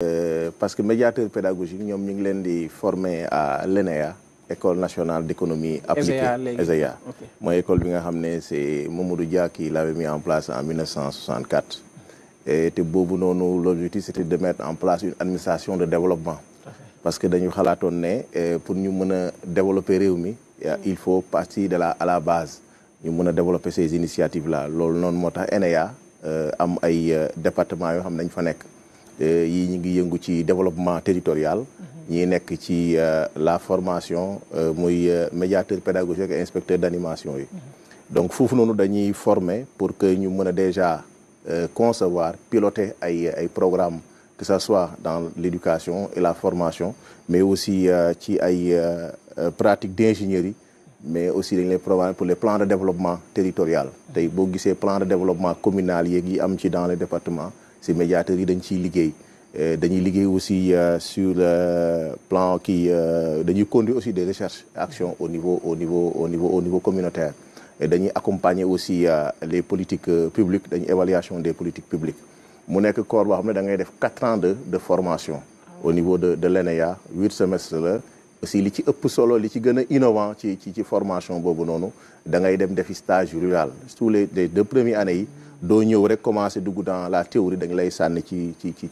Euh, parce que médiateur pédagogique pédagogiques, nous été leen à l'ENEA école nationale d'économie appliquée ESEA e Mon école c'est Mamadou Dia qui l'avait mis en place en 1964 et l'objectif c'était de mettre en place une administration de développement parce que nous avons que pour nous développer mm. il faut partir de la à la base Nous avons développer ces initiatives là Nous avons moo l'ENA, e ENEA euh, am ay euh, départements xam euh, yii ñu ngi développement territorial mhm. Ils nekk euh, la formation euh, muy médiateur pédagogique et inspecteur d'animation mhm. donc nous nous nous former pour que nous puissions déjà concevoir piloter un programme programmes que ce soit dans l'éducation et la formation mais aussi ci ay pratiques d'ingénierie mais aussi dans pour les plans de développement territorial mhm. tey boo des plans de développement communal qui sont dans les départements ces médiateurs yi dañ ciy liggéey euh, dañuy aussi euh, sur le euh, plan qui dañuy conduire aussi des recherches actions au niveau au niveau au niveau au niveau communautaire dañuy accompagner aussi les politiques publiques l'évaluation évaluation des politiques publiques monèque nekk corps boo xam ne 4 ans de de formation au niveau de de l'ENEA 8 semestres là aussi li ci ëpp solo li ci gën innovant formation boobu noonu dem tous les deux premières années donc, ñëw rek commencé dans la théorie de lay sànni ci ci ci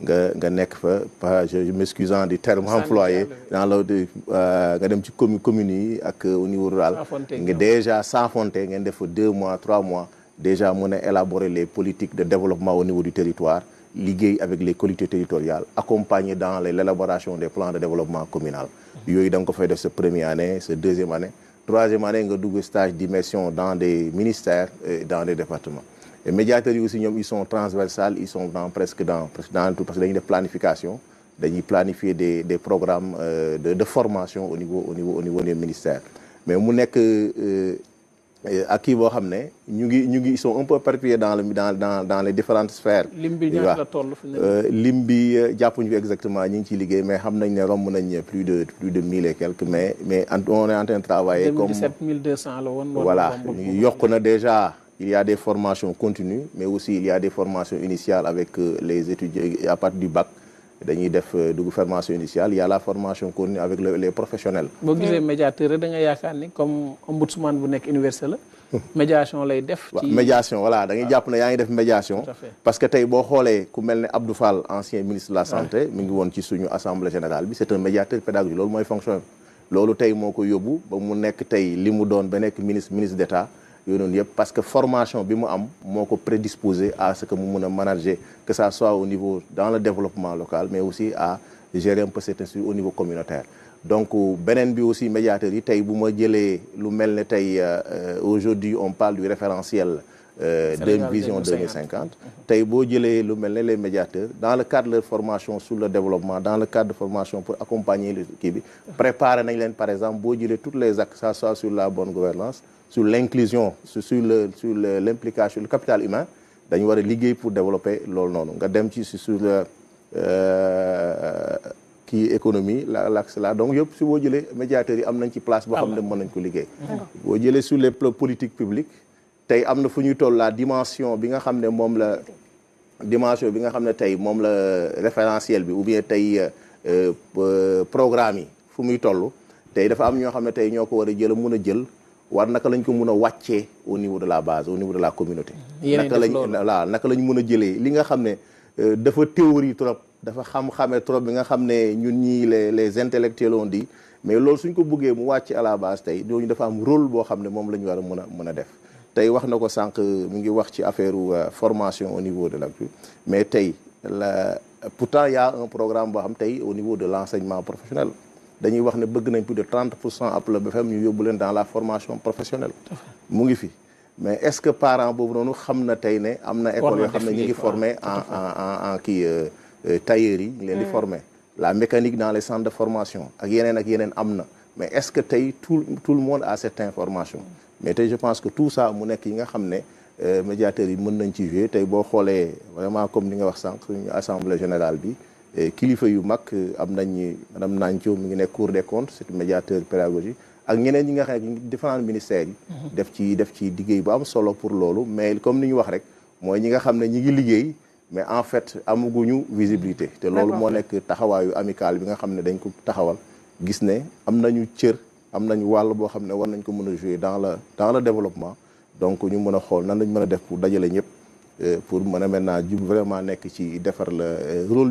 je m'excusant des terme employé dans le euh, nga dem ci commune euh, au niveau rural nga déjà il y def deux mois trois mois déjà mën a élaborer les politiques de développement au niveau du territoire liées avec les collectivités territoriales accompagnées dans l'élaboration des plans de développement communal mmh. yooyu da nga ko fay def sa première année ce deuxième année troisième année nga double stage d'immersion dans des ministères et dans des départements Les médiateurs aussi ils sont transversales ils sont dans presque dans tout parce planification ils planifient des programmes euh, de formation au niveau au niveau au niveau des ministères mais euh, acquis boo xam ne ñu ngi ils sont un peu perpillés dans le dans dans dans les différentes sphères. Limbi, bi ñaata euh, euh, exactement ñu ngi mais xam nañ ne nañ plus de plus de mille et quelques mais mais on est en train de travailler. comme 2017 1200 la voilà déjà. Il y a des formations continues, mais aussi il y a des formations initiales avec euh, les étudiants à partir du bac dañuy def euh, dugg formation initiale il y a la formation continue avec les professionnels. bo gisee médiateur da nga yaakaar ni comme ombudsman bu nek université la. médiation lay def. ci médiation voilà da nga ah. japp ne yaa def médiation. parce que tay bo xolé ku mel Abdou Fall ancien ministre de la ah. santé. mi ngi woon ci suñu assemblée générale bi c'est un médiateur pédagogique loolu moy fonction loolu tay moko ko ba mu nek tay limu mu doon ba nek ministre ministre d'État parce que formation bi prédisposé à ce que mu manager que ça soit au niveau dans le développement local mais aussi à gérer un peu cette institution au niveau communautaire donc euh, Benen bi aussi médiateurs euh, euh, aujourd'hui on parle du référentiel euh, d'une vision 2050 Tay lu les médiateurs dans le cadre de leur formation sur le développement dans le cadre de formation pour accompagner le Québec, préparent, par exemple boo toutes les axes soit sur la bonne gouvernance sur l'inclusion sur le sur l'implication le capital humain dañu wara a liggéey pour développer loolu noonu nga dem ci sur le qui euh, économie l'axe là donc yop si bo jëlee médiateurs yi am nañ ci place pour xam ne mën nañ ko liggéey Bo sur les politiques publiques tey am na fu ñuy toll la dimension bi nga xam ne moom la dimension bi nga xam ne tey moom la référentiel bi ou bien tey euh, euh, programme yi fu muy toll tey dafa am ñoo xam ne tey ñoo ko war a jël mun a jël war naka lañ ko mun a wàccee au niveau de la base au niveau de la communauté naka lañ voilà naka lañ mun a jëlee li nga xam ne euh, dafa théorie trop dafa xam-xame trop bi nga xam ne ñun ñii les les intellectuels on di mais lool suñ ko buggee mu wàcc à la base tey ñooñu dafa am rôle boo xam ne moom la ñu war a mën a mën a def tay wax nako sank mu ngi wax ci affaire euh, formation au niveau de l'ACTU mais tay la pourtant y a un programme bo xam tay au niveau de l'enseignement professionnel dañuy wax ne bëgg nañ plus de 30 appel cent fam ñu dans la formation professionnelle mu ngi fi mais est-ce que parents bobu nonu xam na tey ne am na école yo xam ngi formé en en en qui euh, euh, tailleurs yi ñu di mmh. formé la mécanique dans les centres de formation ak yenen ak yenen amna mais est-ce que tay tout tout le monde a cette information mais je pense que tout ça mu nekk yi nga xam ne euh, médiateurs yi mën nañ ci jouer tey vraiment comme nous nga wax sànq assemblée générale bi qui yu fait am nañ madame Nancio mi ngi cour des comptes c'est médiateur pédagogie ak ñeneen ñi nga xam ne différents ministères yi. Mhm. def ci def ci bu am solo pour lolo mais comme nous avons wax rek mooy ñi nga xam ne ñi ngi mais en fait amaguñu visibilité. lolo loolu moo nekk taxawaayu amical bi nga xam ne dañ ko taxawal gis ne am nañu am nañ wàll boo xam ne war nañ ko mën a jouer dans le dans le développement donc ñu mën a xool nan lañ mën a def pour dajale ñëpp eh, pour mën a maintenant jub vraiment nekk ci defar la eh, rôle bi